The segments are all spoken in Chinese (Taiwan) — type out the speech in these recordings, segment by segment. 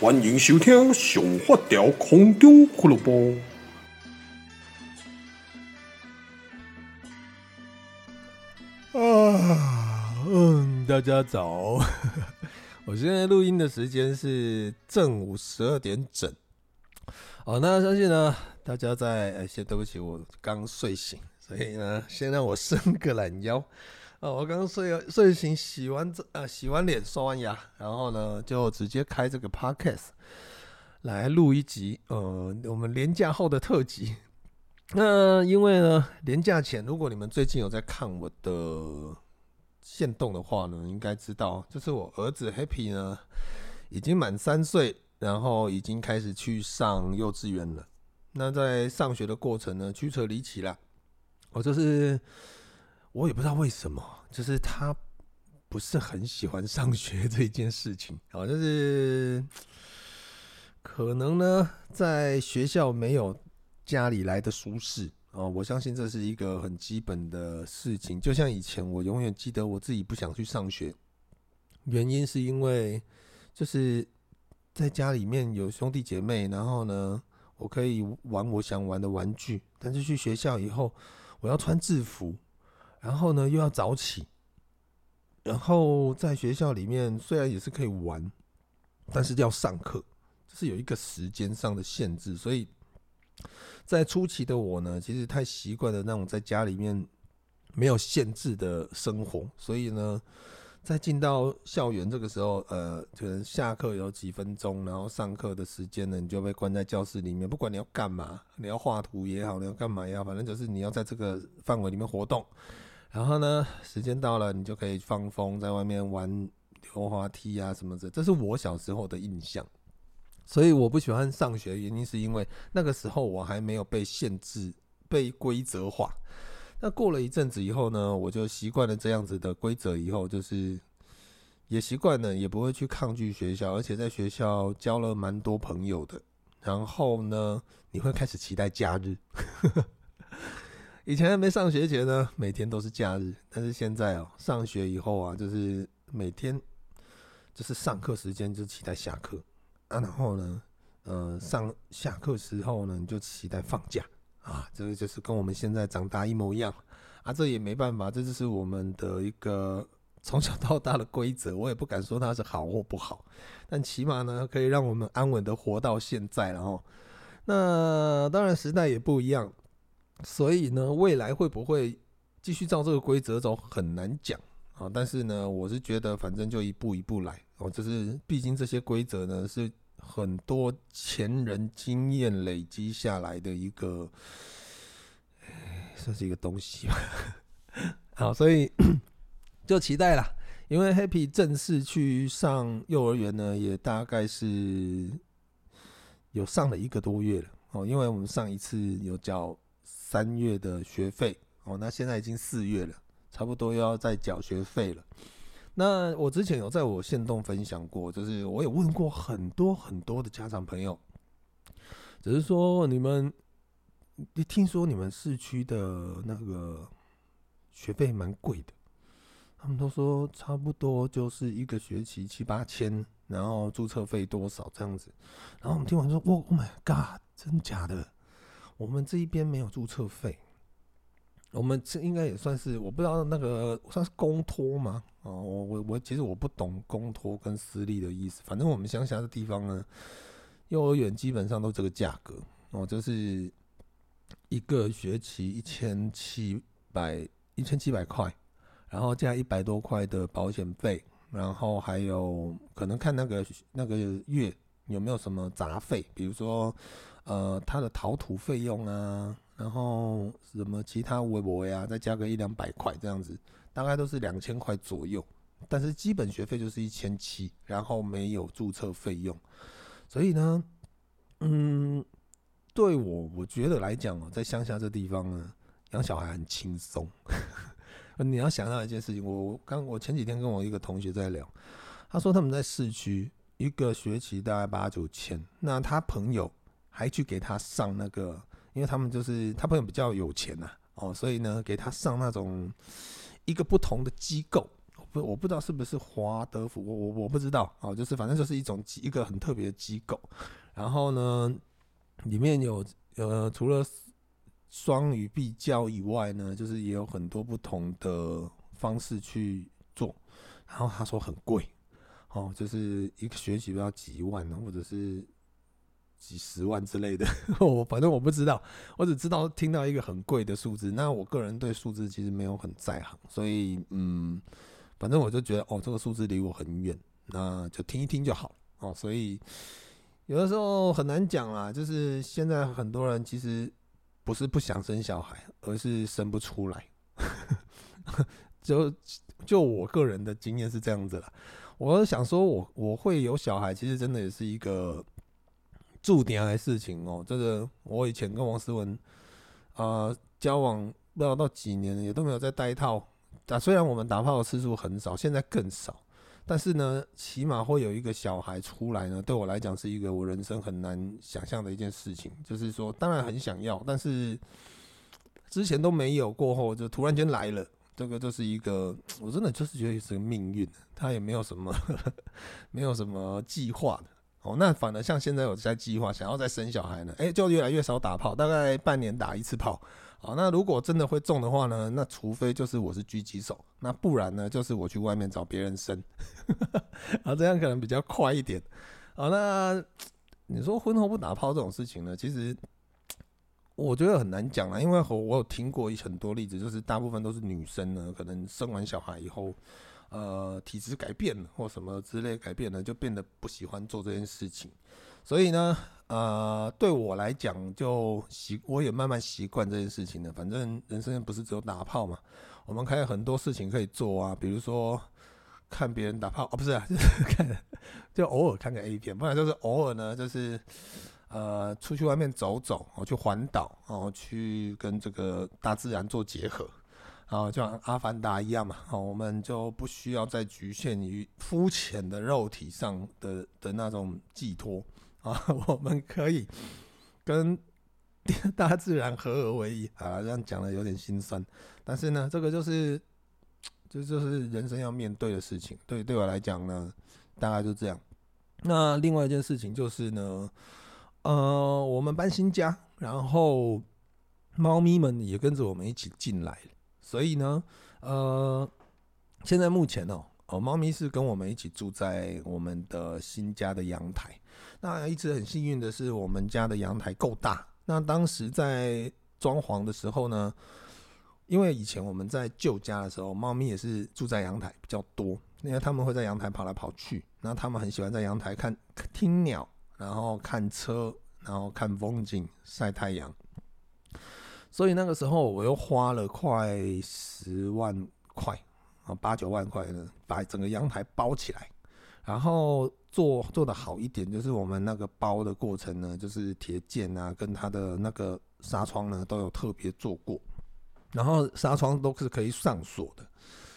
歡迎收聽《上發條空中俱樂部》啊，嗯，大家早！ 我現在錄音的時間是正午十二點整。好、哦、那相信呢，大家在……欸、先對不起，我剛睡醒，所以呢，先讓我伸個懶腰。啊、我剛剛睡睡醒洗、啊，洗完澡洗完臉，刷完牙，然後呢就直接開這個 podcast 來錄一集。呃，我們年假後的特輯。那因為呢，年假前如果你們最近有在看我的現動的話呢，應該知道，就是我兒子 Happy 呢已經滿三歲，然後已經開始去上幼稚園了。那在上學的過程呢，曲折離奇了。我就是。我也不知道為什麼，就是他不是很喜歡上學這一件事情。哦，就是可能呢，在學校沒有家裡來的舒適啊，我相信這是一個很基本的事情。就像以前，我永遠記得我自己不想去上學，原因是因為就是在家裡面有兄弟姐妹，然後呢，我可以玩我想玩的玩具，但是去學校以後，我要穿制服。然後呢，又要早起，然後在學校裡面雖然也是可以玩，但是要上課，就是有一個時間上的限制。所以，在初期的我呢，其實太習慣了那種在家裡面沒有限制的生活。所以呢，在進到校園這個時候，呃，可能下課有幾分鐘，然後上課的時間呢，你就被關在教室裡面，不管你要幹嘛，你要畫圖也好，你要幹嘛也好，反正就是你要在這個範圍裡面活動。然後呢，時間到了，你就可以放風，在外面玩溜滑梯啊什麼的。這是我小時候的印象。所以我不喜歡上學，原因是因為那個時候我還沒有被限制、被規則化。那過了一陣子以後呢，我就習慣了這樣子的規則，以後就是也習慣了，也不會去抗拒學校，而且在學校交了蠻多朋友的。然後呢，你會開始期待假日。 以前還沒上學前呢，每天都是假日。但是現在哦，上學以後啊，就是每天就是上課時間就期待下課啊，然後呢，呃，上下課時候呢，你就期待放假啊，這個就是跟我們現在長大一模一樣啊。這也沒辦法，這就是我們的一個從小到大的規則。我也不敢說它是好或不好，但起碼呢，可以讓我們安穩的活到現在了齁，那當然，時代也不一樣。所以呢，未來會不會繼續照這個規則走，很難講啊，哦。但是呢，我是覺得反正就一步一步來哦。就是畢竟這些規則呢，是很多前人經驗累積下來的一個，算是一個東西吧。好，所以 就期待啦。因為 Happy 正式去上幼兒園呢，也大概是有上了一個多月了哦。因為我們上一次有叫。三月的學費哦，那現在已經四月了，差不多又要再繳學費了。那我之前有在我限動分享過，就是我也問過很多很多的家長朋友，只是說你們，你聽說你們市區的那個學費蠻貴的，他們都說差不多就是一個學期七八千，然後注冊費多少這樣子。然後我們聽完說，哇，oh my God，真假的？我們這一邊沒有註冊費，我們這應該也算是，我不知道那個算是公托嗎？哦，我我我其實我不懂公托跟私立的意思。反正我們鄉下的地方呢，幼兒園基本上都這個價格哦，就是一個學期一千七百一千七百塊，然後加一百多塊的保險費，然後還有可能看那個那個月有沒有什麼雜費，比如說。呃，他的陶土費用啊，然後什麼其他微博啊，再加個一兩百塊這樣子，大概都是兩千塊左右。但是基本學費就是一千七，然後沒有註冊費用。所以呢，嗯，對我我覺得來講、哦，在鄉下這地方呢，養小孩很輕鬆。 你要想到一件事情，我剛我前幾天跟我一個同學在聊，他說他們在市區一個學期大概八九千，那他朋友。還去給他上那個，因為他們就是他朋友比較有錢吶、啊，哦，所以呢，給他上那種一個不同的機構，不，我不知道是不是華德福，我我我不知道啊、哦，就是反正就是一種一個很特別的機構。然後呢，裡面有呃，除了雙語必教以外呢，就是也有很多不同的方式去做。然後他說很貴，哦，就是一個學期都要幾萬、啊，或者是。幾十萬之類的， 我反正我不知道，我只知道聽到一個很貴的數字。那我個人對數字其實沒有很在行，所以嗯，反正我就覺得哦、喔，這個數字離我很遠，那就聽一聽就好了哦。所以有的時候很難講啦，就是現在很多人其實不是不想生小孩，而是生不出來。 就就我個人的經驗是這樣子啦。我想說我我會有小孩，其實真的也是一個。注定的事情哦、喔，這個我以前跟王思文啊、呃、交往不知道到幾年，也都沒有再戴套啊，雖然我們打炮的次數很少，現在更少，但是呢，起碼會有一個小孩出來呢，對我來講是一個我人生很難想象的一件事情。就是說，當然很想要，但是之前都沒有，過後就突然間來了。這個就是一個，我真的就是覺得是個命運，他也沒有什麼， 沒有什麼計劃的。哦，那反而像現在有在計劃想要再生小孩呢，誒、欸，就越來越少打炮，大概半年打一次炮。好，那如果真的會中的話呢，那除非就是我是狙擊手，那不然呢，就是我去外面找別人生，啊， 這樣可能比較快一點。好，那你說婚後不打炮這種事情呢，其實我覺得很難講啦，因為吼我，我有聽過很多例子，就是大部分都是女生呢，可能生完小孩以後。呃，體質改變了或什麼之類改變了，就變得不喜歡做這件事情。所以呢，呃，對我來講就習，我也慢慢習慣這件事情了。反正人生不是只有打炮嘛，我們還有很多事情可以做啊。比如說看別人打炮，哦、啊，不是啊，就是看，就偶爾看個 A 片，不然就是偶爾呢，就是呃，出去外面走走，我、哦、去環島，哦，去跟這個大自然做結合。好，就像阿凡達一樣嘛。好，我們就不需要再局限於膚淺的肉體上的的那種寄託啊，我們可以跟大自然合而為一啊。這樣講得有點心酸，但是呢，這個就是，這就，就是人生要面對的事情。對，對我來講呢，大概就這樣。那另外一件事情就是呢，呃，我們搬新家，然後貓咪們也跟着我們一起進來了。所以呢，呃，現在目前哦，哦，貓咪是跟我們一起住在我們的新家的陽台。那一直很幸運的是，我們家的陽台夠大。那當時在裝潢的時候呢，因為以前我們在舊家的時候，貓咪也是住在陽台比較多，因為它們會在陽台跑來跑去。那它們很喜歡在陽台看聽鳥，然後看車，然後看風景，曬太陽。所以那個時候，我又花了快十萬塊，啊，八九萬塊呢，把整個陽台包起來。然後做做得好一點，就是我們那個包的過程呢，就是鐵件啊，跟它的那個紗窗呢，都有特別做過。然後紗窗都是可以上鎖的。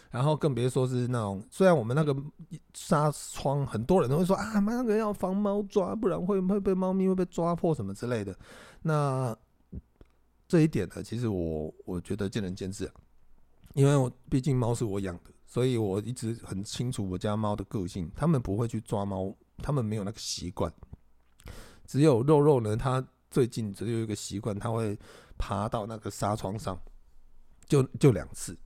然後更別說是那種，雖然我們那個紗窗，很多人都會說啊，媽那個要防貓抓，不然會不會被貓咪會被抓破什麼之類的。那。這一點呢，其實我我覺得見仁見智啊，因為我畢竟貓是我養的，所以我一直很清楚我家貓的個性。他們不會去抓貓，他們沒有那個習慣。只有肉肉呢，它最近只有一個習慣，它會爬到那個紗窗上，就就兩次，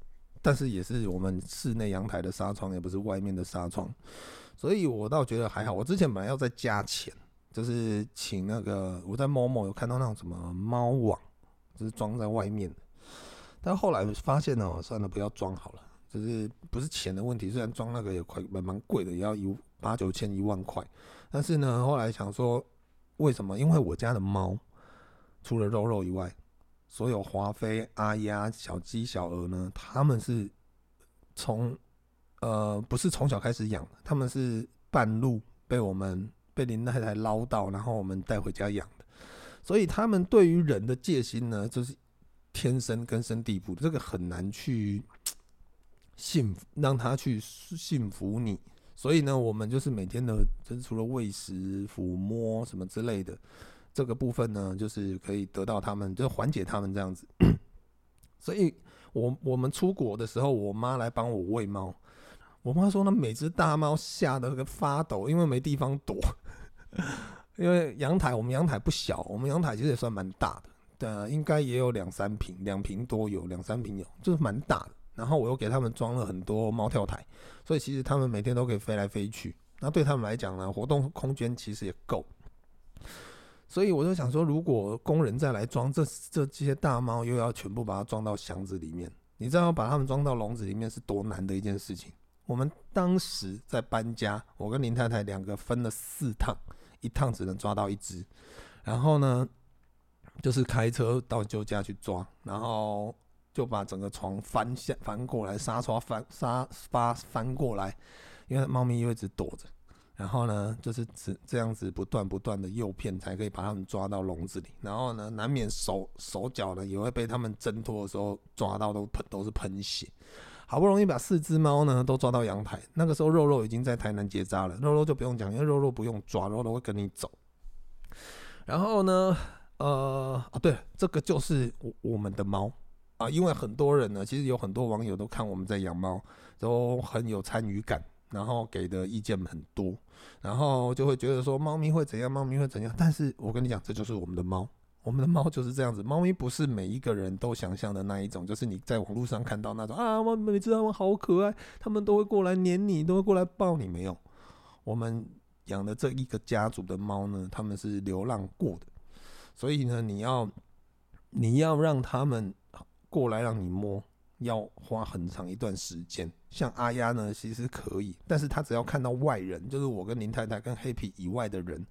但是也是我們室內陽台的紗窗，也不是外面的紗窗，所以我倒覺得還好。我之前本來要再加錢，就是請那個我在 momo 有看到那種什麼貓網。是裝在外面，但後來發現呢、喔，算了，不要裝好了。就是不是錢的問題，雖然裝那個也快蠻蠻貴的，也要有八九千一萬塊。但是呢，後來想說，為什麼？因為我家的貓除了肉肉以外，所有華妃、阿鴨、小雞、小鵝呢，他們是從呃不是從小開始養，他們是半路被我們被林太太撈到，然後我們帶回家養。所以他們對於人的戒心呢，就是天生根深蒂固，這個很難去信，讓他去信服你。所以呢，我們就是每天呢，就是除了餵食、撫摸什麼之類的這個部分呢，就是可以得到他們，就緩解他們這樣子。 所以我我們出國的時候，我媽來幫我餵貓。我媽說呢，每隻大貓嚇得個發抖，因為沒地方躲。 因為陽台，我們陽台不小，我們陽台其實也算蠻大的，對啊，應該也有兩三坪，兩坪多有，兩三坪有，就是蠻大的。然後我又給他們裝了很多貓跳台，所以其實他們每天都可以飛來飛去。那對他們來講呢，活動空間其實也夠。所以我就想說，如果工人再來裝這這這些大貓，又要全部把它裝到箱子裡面，你知道把它們裝到籠子裡面是多難的一件事情。我們當時在搬家，我跟林太太兩個分了四趟。一趟只能抓到一隻，然後呢，就是開車到舅家去抓，然後就把整個床翻下翻過來，沙發翻，沙發翻，翻過來，因為貓咪又一直躲着，然後呢，就是這這樣子不斷不斷的誘騙，才可以把他們抓到籠子裡，然後呢，難免手手腳呢也會被他們掙脫的時候抓到，都噴都是噴血。好不容易把四隻貓呢都抓到陽台，那個時候肉肉已經在台南結紮了。肉肉就不用講，因為肉肉不用抓，肉肉會跟你走。然後呢，呃，啊、對，這個就是我我們的貓啊，因為很多人呢，其實有很多網友都看我們在養貓，都很有參與感，然後給的意見很多，然後就會覺得說貓咪會怎樣，貓咪會怎樣。但是我跟你講，這就是我們的貓。我們的貓就是這樣子，貓咪不是每一個人都想象的那一種，就是你在網路上看到那種啊，我每次他們好可愛，他們都會過來黏你，都會過來抱你，沒有。我們養的這一個家族的貓呢，他們是流浪過的，所以呢，你要你要讓它們過來讓你摸，要花很長一段時間。像阿丫呢，其實可以，但是它只要看到外人，就是我跟林太太跟黑皮以外的人，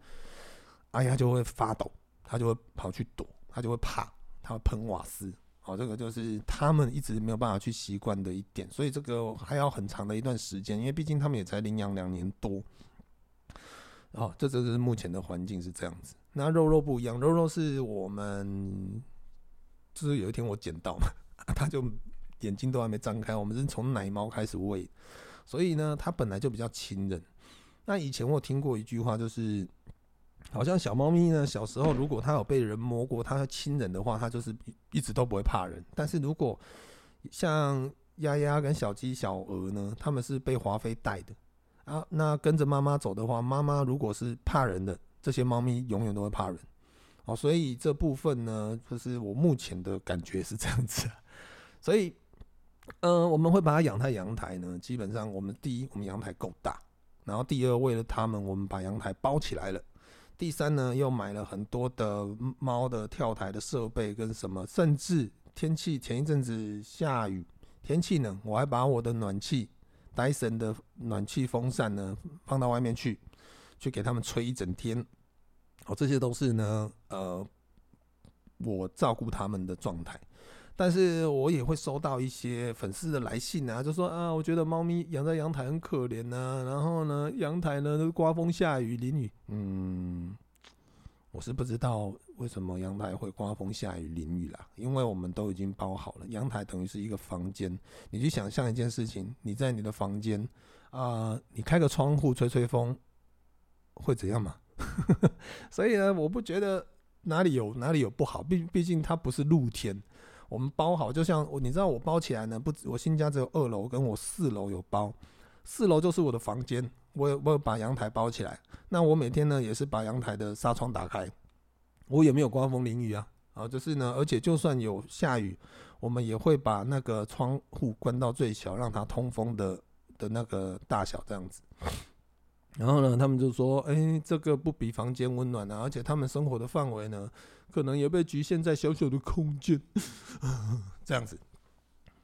阿丫就會發抖。它就會跑去躲，它就會怕，它會噴瓦斯，好、哦，這個就是他們一直沒有辦法去習慣的一點，所以這個還要很長的一段時間，因為畢竟他們也才領養兩年多，好、哦，這就是目前的環境是這樣子。那肉肉不一樣，肉肉是我們就是有一天我撿到嘛，它、啊、就眼睛都還沒張開，我們是從奶貓開始餵，所以呢，它本來就比較親人。那以前我聽過一句話，就是。好像小貓咪呢，小時候如果它有被人摸過，它親人的話，它就是一一直都不會怕人。但是如果像鴨鴨跟小雞、小鵝呢，它們是被華妃帶的啊，那跟着媽媽走的話，媽媽如果是怕人的，這些貓咪永遠都會怕人。哦，所以這部分呢，就是我目前的感覺是這樣子。所以，嗯，我們會把它養在陽台呢。基本上，我們第一，我們陽台夠大；然後第二，為了它們，我們把陽台包起來了。第三呢，又買了很多的貓的跳台的設備跟什麼，甚至天氣前一陣子下雨，天氣冷，我還把我的暖氣戴森的暖氣風扇呢放到外面去，去給他們吹一整天。哦，這些都是呢，呃，我照顧他們的狀態。但是我也會收到一些粉絲的來信啊，就說啊，我覺得貓咪養在陽台很可憐吶、啊。然後呢，陽台呢，颳風下雨淋雨，嗯，我是不知道為什麼陽台會颳風下雨淋雨啦，因為我們都已經包好了。陽台等於是一個房間，你去想象一件事情，你在你的房間啊、呃，你開個窗戶吹吹風，會怎樣嘛？ 所以呢，我不覺得哪裡有哪裡有不好，畢畢竟它不是露天。我們包好，就像我，你知道我包起來呢？不止我新家只有二樓跟我四樓有包，四樓就是我的房間，我有我有把陽台包起來。那我每天呢也是把陽台的紗窗打開，我也沒有颳風淋雨啊。啊，就是呢，而且就算有下雨，我們也會把那個窗戶關到最小，讓它通風的的那個大小這樣子。然後呢，他們就說：“哎，這個不比房間溫暖啊，而且他們生活的範圍呢？”可能也被局限在小小的空間，這樣子。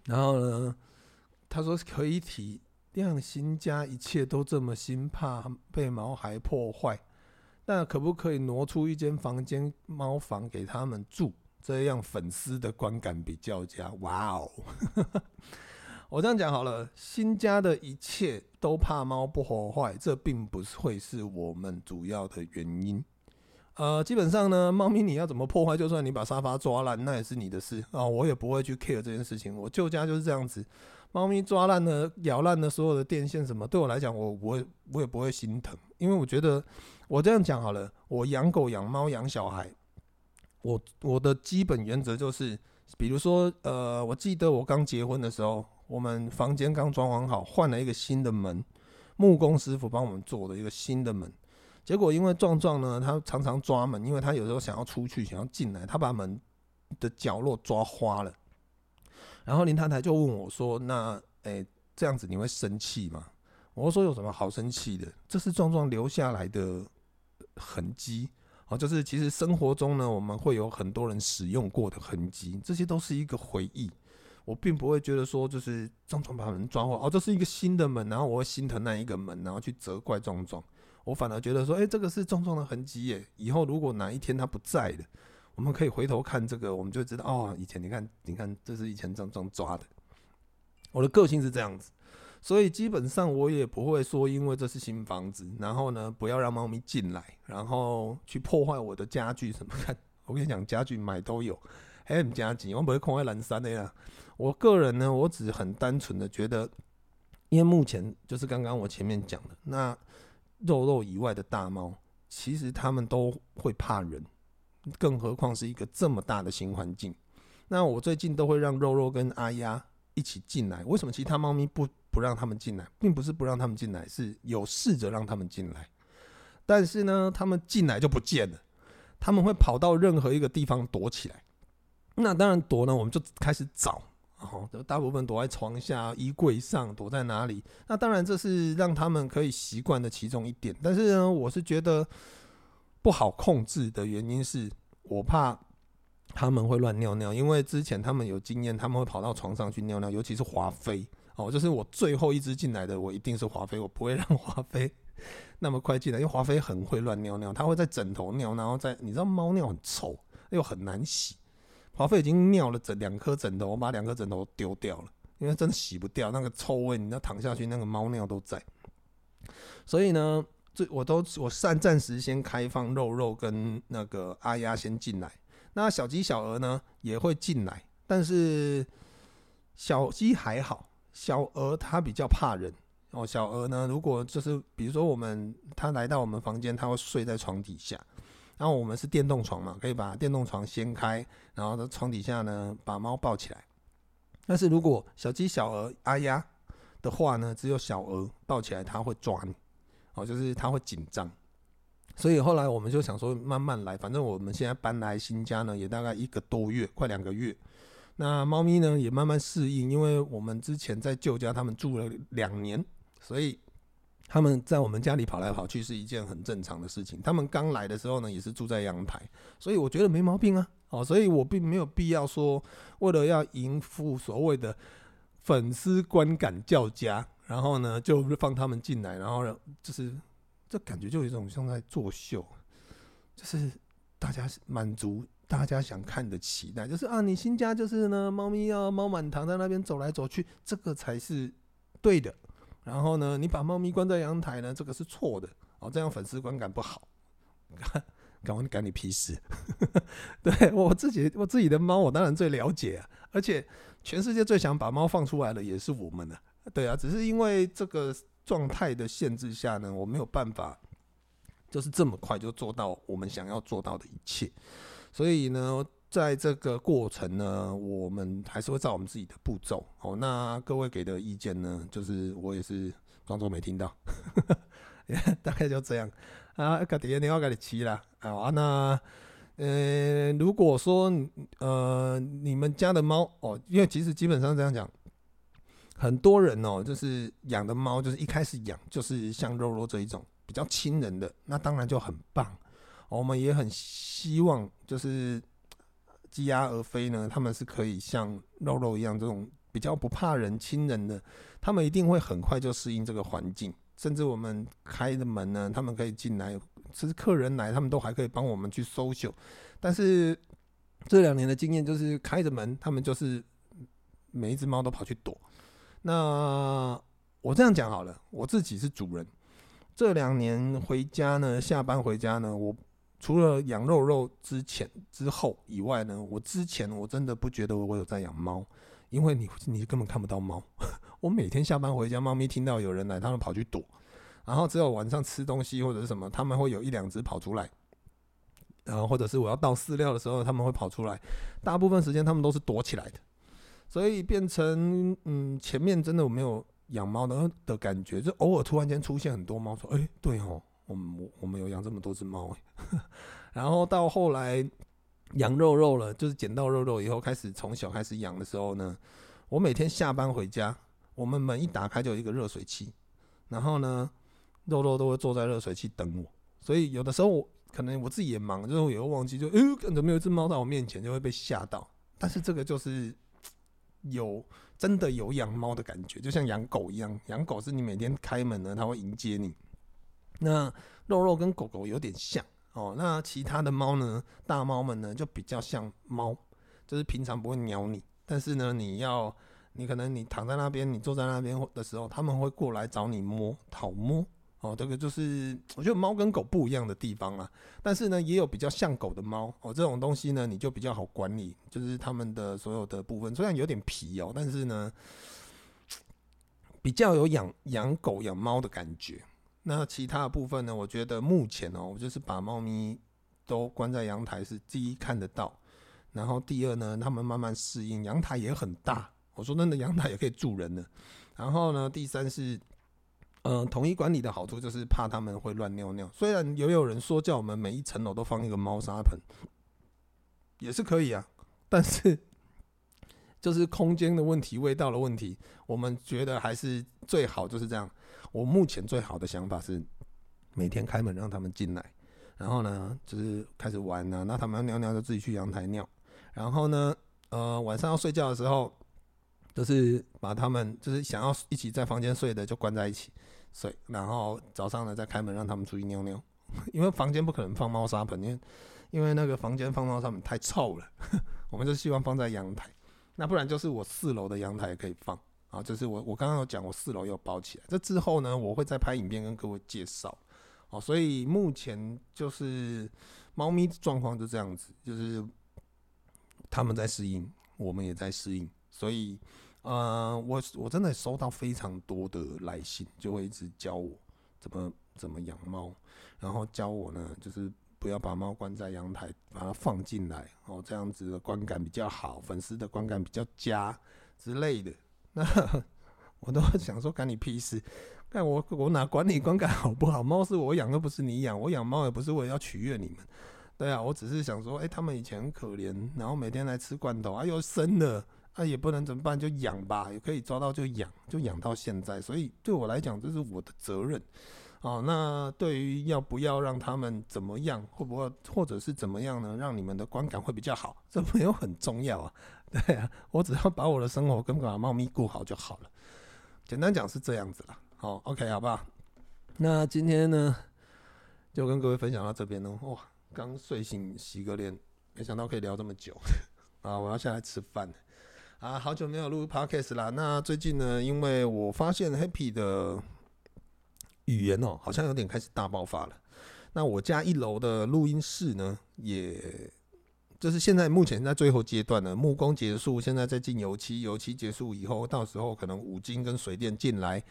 然後呢，他說可以提，這樣新家一切都這麼新，怕被毛孩破壞。那可不可以挪出一間房間，貓房給他們住？這樣粉絲的觀感比較佳。哇哦！我這樣講好了，新家的一切都怕貓破壞，這並不會是我們主要的原因。呃，基本上呢，貓咪你要怎麼破壞，就算你把沙發抓爛，那也是你的事啊，呃，我也不會去 care 這件事情。我舊家就是這樣子，貓咪抓爛了、咬爛了所有的電線什麼，對我來講，我我我也不會心疼，因為我覺得我這樣講好了，我養狗、養貓、養小孩，我我的基本原則就是，比如說，呃，我記得我剛結婚的時候，我們房間剛裝潢好，換了一個新的門，木工師傅幫我們做的一個新的門。結果因為壯壯呢，他常常抓門，因為他有時候想要出去，想要進來，他把門的角落抓花了。然後林太太就問我說：“那，誒，這樣子你會生氣嗎？”我說：“有什麼好生氣的？這是壯壯留下來的痕跡啊，就是其實生活中呢，我們會有很多人使用過的痕跡，這些都是一個回憶。我並不會覺得說，就是壯壯把門抓花哦，這是一個新的門，然後我會心疼那一個門，然後去責怪壯壯。”我反而覺得說，誒、欸，這個是重重的痕跡耶！以後如果哪一天他不在了，我們可以回頭看這個，我們就知道哦，以前你看，你看，這是以前重重抓的。我的個性是這樣子，所以基本上我也不會說，因為這是新房子，然後呢，不要讓貓咪進來，然後去破壞我的家具什麼的。我跟你講，家具買都有，還很家緊，我不會空愛南山的呀。我個人呢，我只很單純的覺得，因為目前就是剛剛我前面講的那。肉肉以外的大貓，其實它們都會怕人，更何況是一個這麼大的新環境。那我最近都會讓肉肉跟阿丫一起進來。為什麼其他貓咪不不讓他們進來？並不是不讓他們進來，是有試着讓他們進來，但是呢，他們進來就不見了，他們會跑到任何一個地方躲起來。那當然躲呢，我們就開始找。哦，就大部分躲在床下、衣櫃上，躲在哪裡？那當然，這是讓他們可以習慣的其中一點。但是呢，我是覺得不好控制的原因是，我怕他們會亂尿尿。因為之前他們有經驗，他們會跑到床上去尿尿，尤其是華妃。哦，就是我最後一隻進來的，我一定是華妃，我不會讓華妃那麼快進來，因為華妃很會亂尿尿，他會在枕頭尿，然後在你知道貓尿很臭又很難洗。華妃已經尿了整兩顆枕頭，我把兩顆枕頭丟掉了，因為真的洗不掉那個臭味。你要躺下去，那個貓尿都在。所以呢，這我都我暫暫時先開放肉肉跟那個阿丫先進來。那小雞、小鵝呢也會進來，但是小雞還好，小鵝它比較怕人。哦，小鵝呢，如果就是比如說我們它來到我們房間，它會睡在床底下。然後我們是電動床嘛，可以把電動床掀開，然後在床底下呢把貓抱起來。但是如果小雞、小鵝、阿鴨的話呢，只有小鵝抱起來它會抓你，哦，就是它會緊張。所以後來我們就想說，慢慢來。反正我們現在搬來新家呢，也大概一個多月，快兩個月。那貓咪呢也慢慢適應，因為我們之前在舊家他們住了兩年，所以。他們在我們家裡跑來跑去是一件很正常的事情。他們剛來的時候呢，也是住在陽台，所以我覺得沒毛病啊。哦，所以我並沒有必要說，為了要應付所謂的粉絲觀感較佳，然後呢就放他們進來，然後就是這感覺就有一種像在作秀，就是大家滿足大家想看的期待，就是啊，你新家就是呢，貓咪啊，貓滿堂在那邊走來走去，這個才是對的。然後呢，你把貓咪關在陽台呢，這個是錯的哦，這樣粉絲觀感不好。敢問敢你屁事？ 對我自己，我自己的貓，我當然最了解啊。而且全世界最想把貓放出來的也是我們呢、啊。對啊，只是因為這個狀態的限制下呢，我沒有辦法，就是這麼快就做到我們想要做到的一切。所以呢。在這個過程呢，我們還是會照我們自己的步驟。哦，那各位給的意見呢，就是我也是裝作沒聽到， 大概就這樣啊。該第一點我你吃啦，啊，那呃、欸，如果說呃你們家的貓哦，因為其實基本上這樣講，很多人哦，就是養的貓就是一開始養就是像肉肉這一種比較親人的，那當然就很棒。我們也很希望就是。雞鴨而飛呢？他們是可以像肉肉一樣，這種比較不怕人、親人的，他們一定會很快就適應這個環境。甚至我們開着門呢，他們可以進來。其實客人來，他們都還可以幫我們去搜尋。但是這兩年的經驗就是開着門，他們就是每一隻貓都跑去躲。那我這樣講好了，我自己是主人。這兩年回家呢，下班回家呢，我。除了養肉肉之前之後以外呢，我之前我真的不覺得我有在養貓，因為你你根本看不到貓。 我每天下班回家，貓咪聽到有人來，它們跑去躲，然後只有晚上吃東西或者是什麼，他們會有一兩隻跑出來，然後、呃、或者是我要倒飼料的時候，他們會跑出來。大部分時間它們都是躲起來的，所以變成嗯，前面真的我沒有養貓的的感覺，就偶爾突然間出現很多貓，說哎、欸，對哦。我們我我們有養這麼多隻貓欸，然後到後來養肉肉了，就是撿到肉肉以後開始從小開始養的時候呢，我每天下班回家，我們門一打開就有一個熱水器，然後呢，肉肉都會坐在熱水器等我，所以有的時候我可能我自己也忙，就是也會忘記，就哎、欸、怎麼有一隻貓在我面前就會被嚇到，但是這個就是有真的有養貓的感覺，就像養狗一樣，養狗是你每天開門呢，它會迎接你。那肉肉跟狗狗有點像哦，那其他的貓呢？大貓們呢就比較像貓，就是平常不會鳥你，但是呢，你要你可能你躺在那邊，你坐在那邊的時候，他們會過來找你摸，討摸哦。這個就是我覺得貓跟狗不一樣的地方啊。但是呢，也有比較像狗的貓哦，這種東西呢，你就比較好管理，就是他們的所有的部分，雖然有點皮哦，但是呢，比較有養養狗養貓的感覺。那其他的部分呢？我覺得目前哦、喔，我就是把貓咪都關在陽台，是第一看得到，然後第二呢，他們慢慢適應陽台也很大。我說那個陽台也可以住人的。然後呢，第三是，嗯，統一管理的好處就是怕他們會亂尿尿。雖然也有，有人說叫我們每一層樓都放一個貓砂盆，也是可以啊，但是就是空間的問題、味道的問題，我們覺得還是最好就是這樣。我目前最好的想法是，每天開門讓他們進來，然後呢，就是開始玩吶、啊。那他們要尿尿就自己去陽台尿。然後呢，呃，晚上要睡覺的時候，就是把他們就是想要一起在房間睡的就關在一起睡。然後早上呢再開門讓他們出去尿尿，因為房間不可能放貓砂盆，因為因為那個房間放貓砂盆太臭了。我們就希望放在陽台，那不然就是我四樓的陽台可以放。啊，就是我，我剛剛有講，我四樓又包起來。這之後呢，我會再拍影片跟各位介紹。哦，所以目前就是貓咪的狀況就這樣子，就是他們在適應，我們也在適應。所以，呃，我我真的收到非常多的來信，就會一直教我怎麼怎麼養貓，然後教我呢，就是不要把貓關在陽台，把它放進來哦，這樣子的觀感比較好，粉絲的觀感比較佳之類的。那我都想說幹你屁事！幹，我，我我哪管你觀感好不好？貓是我養又不是你養。我養貓也不是為了要取悅你們，對啊，我只是想說，哎、欸，他們以前很可憐，然後每天來吃罐頭，哎、啊、又生了，啊，也不能怎麼辦，就養吧，也可以抓到就養，就養到現在。所以對我來講，這是我的責任。哦，那對於要不要讓他們怎麼樣，會不會或者是怎麼樣呢，讓你們的觀感會比較好，這沒有很重要啊。對啊，我只要把我的生活跟把貓咪過好就好了。簡單講是這樣子啦。好，哦，OK，好不好？那今天呢，就跟各位分享到這邊哦。哇，剛睡醒，洗個臉，沒想到可以聊這麼久呵呵啊！我要下來吃飯啊，好久沒有錄 Podcast 啦。那最近呢，因為我發現 Happy 的。語言哦，好像有點開始大爆發了。那我家一樓的錄音室呢，也就是現在目前在最後階段呢，木工結束，現在在進油漆，油漆結束以後，到時候可能五金跟水電進來，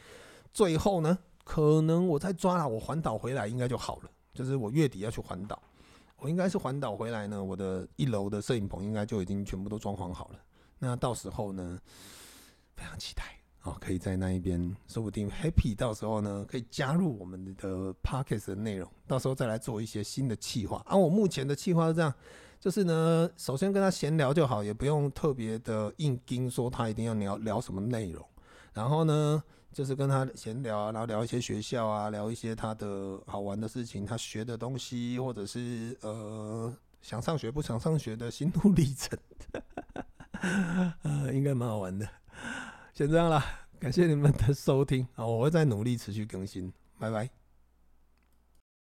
最後呢，可能我再抓了，我環島回來應該就好了。就是我月底要去環島，我應該是環島回來呢，我的一樓的攝影棚應該就已經全部都裝潢好了。那到時候呢，非常期待。好，可以在那一邊，說不定 happy 到時候呢，可以加入我們的 podcast 的內容，到時候再來做一些新的計劃。啊，我目前的計劃是這樣，就是呢，首先跟他閒聊就好，也不用特別的硬盯，說他一定要聊聊什麼內容。然後呢，就是跟他閒聊、啊，然後聊一些學校啊，聊一些他的好玩的事情，他學的東西，或者是呃想上學不想上學的心路歷程， 呃、應該蠻好玩的。先這樣啦，感謝你們的收聽啊！我會再努力持續更新，拜拜。